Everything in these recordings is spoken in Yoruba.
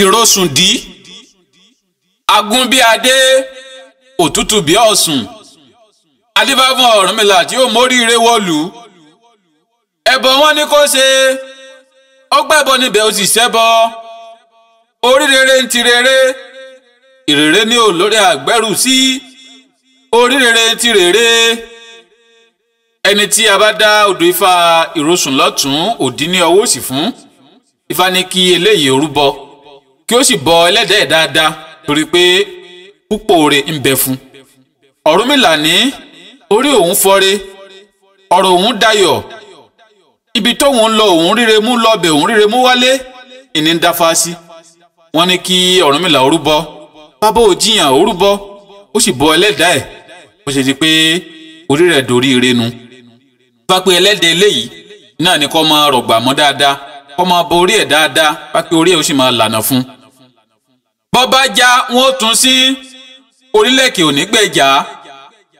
ìrosùndí agúnbíadé òtútù bí ọ̀sùn adébáfún ọ̀rúnmìlà tí ó móríire wọ̀lú ẹbọ wọn ni kó ṣe ó gbẹbọ níbẹ̀ ó sì ṣẹbọ oríire ń ti rere ìrere ní olórí àgbẹrù sí oríire ń ti rere ẹni tí a bá dá odò ifá ìrosùn lọ́tún òdì ní ọwọ́ òsì fún ifá ní kí eléyìí orúbọ. kí ó sì bọ ẹlẹ́dẹ̀ dáadáa torí pé púpọ̀ rẹ̀ ń bẹ fún. ọ̀rúnmìlà ní orí òun fọ́re ọ̀rọ̀ òun dayọ̀ ibi tóun lọ òun ríre mú lọ́bẹ̀ òun ríre mú wálé ìní ń dáfá sí. wọ́n ní kí ọ̀rúnmìlà orúbọ bábá òjìyàn bọ ẹlẹ́dàá ẹ̀ ṣe di pé orí rẹ̀ dorí bá pé náà ni máa rọ̀gbà mọ́ dáadáa máa bo orí ẹ̀ dáadáa bá pé orí ẹ̀ ó sì máa bọ́bá já wọn ó tún sí orílẹ̀-èkè òní gbèjà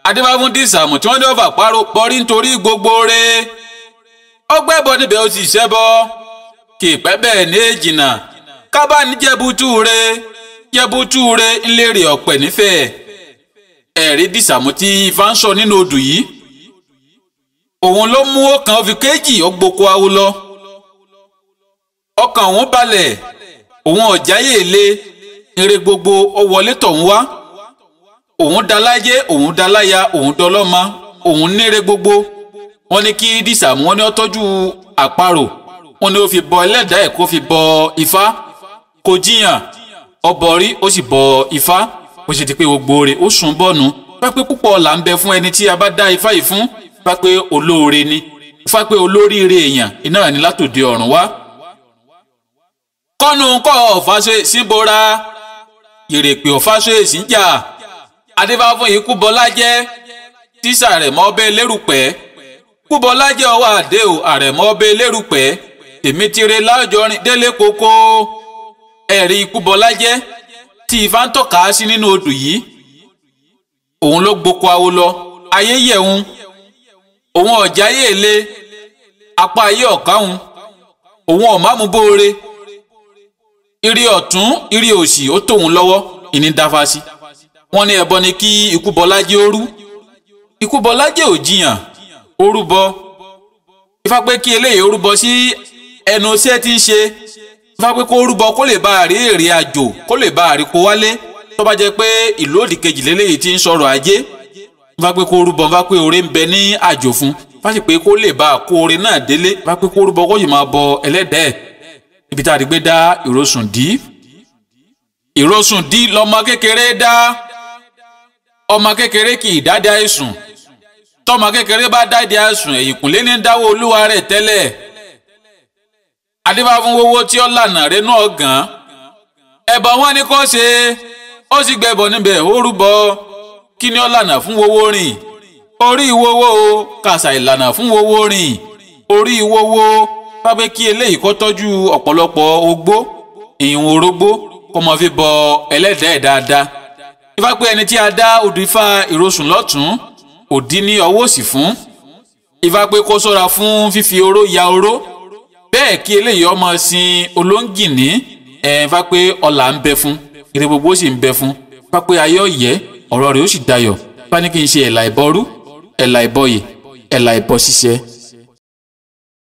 adébáfún dìsàmù tí wọ́n dọ́fà páró pọ́rí nítorí gbogbo rẹ̀ ó gbẹ́bọ níbẹ̀ ó sì ṣẹbọ kì í pẹ́ bẹ́ẹ̀ ní èjìnà kábà ní jẹ́bútú rẹ̀ jẹ́bútú rẹ̀ ńlẹ́rìí ọ̀pẹ̀ nífẹ̀ẹ́ ẹ̀rí dìsàmù tí ifá ń sọ nínú odù yìí òun ló mú ọkàn òfin kéjì ọgboko awo lọ ọkàn òun balẹ̀ òun ọ̀jáyè le ire gbogbo ó wọlé tọ̀hún wá òun daláyé òun daláya òun dọlọ́mọ òun nére gbogbo wọ́n ní kí dísàmù wọ́n ni ó tọ́jú àparò wọ́n ní ó fi bọ ẹlẹ́dàá ẹ̀ kó fi bọ ifá kò jiyàn ọbọ rí ó sì bọ ifá ó sì ti pé gbogbo rẹ̀ ó sùn bọ́nu pápẹ́ púpọ̀ là ń bẹ fún ẹni tí a bá dá ifá yìí fún pápẹ́ olóore ni pápẹ́ olóríire èèyàn iná ní látòdì ọ̀run wá. kọ́nu kọ́ ọ̀fà ṣe síbora. Si yèrèpè ọ̀fáṣọ́yèsí jà adébáfún yìí kúbọlá jẹ́ tíṣà àrẹ̀mọ́ ọbẹ̀ lérùpẹ́ kúbọlá jẹ́ ọwọ́ àdé o àrẹ̀mọ́ ọbẹ̀ lérùpẹ́ èmi ti re láòjọrin délé koko ẹ̀rí kúbọlá jẹ́ tí ifá ń tọ́ka sí nínú odù yìí òun ló gboko awo lọ ayé yẹ̀hún òun ọ̀já yéèlé apá ayé ọ̀káhun òun ọ̀mámúbóore irí ọ̀tún irí òsì ó tòun lọ́wọ́ ìní dáfásí wọ́n ní ẹbọ ni kí ikúbọlájé ó rú ikúbọlájé ò jiyàn ó rúbọ ifá pé kí eléyìí ó rúbọ sí ẹnu iṣẹ́ tí ń ṣe ifá pé kó rúbọ kó lè bá a rí èrè àjò kó lè bá a rí kó wálé tó bá jẹ́ pé ìlú òdì kejì lélẹyìí ti ń sọ̀rọ̀ ajé ifá pé kó rúbọ ifá pé oore ń bẹ ní àjò fún ifá sì pé kó lè bá a kó oore náà délé ifá ibi tá a ti gbé dá ìrosùn dí ìrosùn dí lọmọ kékeré dá ọmọ kékeré kì í dáadáa àìsùn tọmọ kékeré bá dáadáa àìsùn ẹ̀yìnkùnlé ní dáwọ olúwa rẹ̀ tẹ́lẹ̀ adébáfún wowó tí ó lànà rẹ̀ náà gàn ẹbọ wọn ni kò ṣe ó sì gbẹbọ níbẹ̀ ó rúbọ kí ni ó lànà fún wowó rìn orí ìwowó kàṣà ìlànà fún wowó rìn orí ìwowó bá pé kí eléyìí kó tọ́jú ọ̀pọ̀lọpọ̀ ogbó ìhun orógbó kó mọ fi bọ ẹlẹ́dàá ẹ̀ dáadáa ifá pé ẹni tí a dá odù ifá ìrosùn lọ́tún òdí ní ọwọ́ òsì fún ifá pé kó ṣọ́ra fún fífi oró ya oró bẹ́ẹ̀ kí eléyìí ọmọ sin olóńgìní ẹ̀ pé ọlà ń bẹ fún ire gbogbo sì ń bẹ fún ifá pé ayé ọ̀yẹ́ ọ̀rọ̀ rẹ̀ ó sì dayọ̀ bá ní kí n ṣe ẹ̀là ìbọrú ẹ̀là ìbọyè ẹ̀là ìbọ ṣiṣẹ́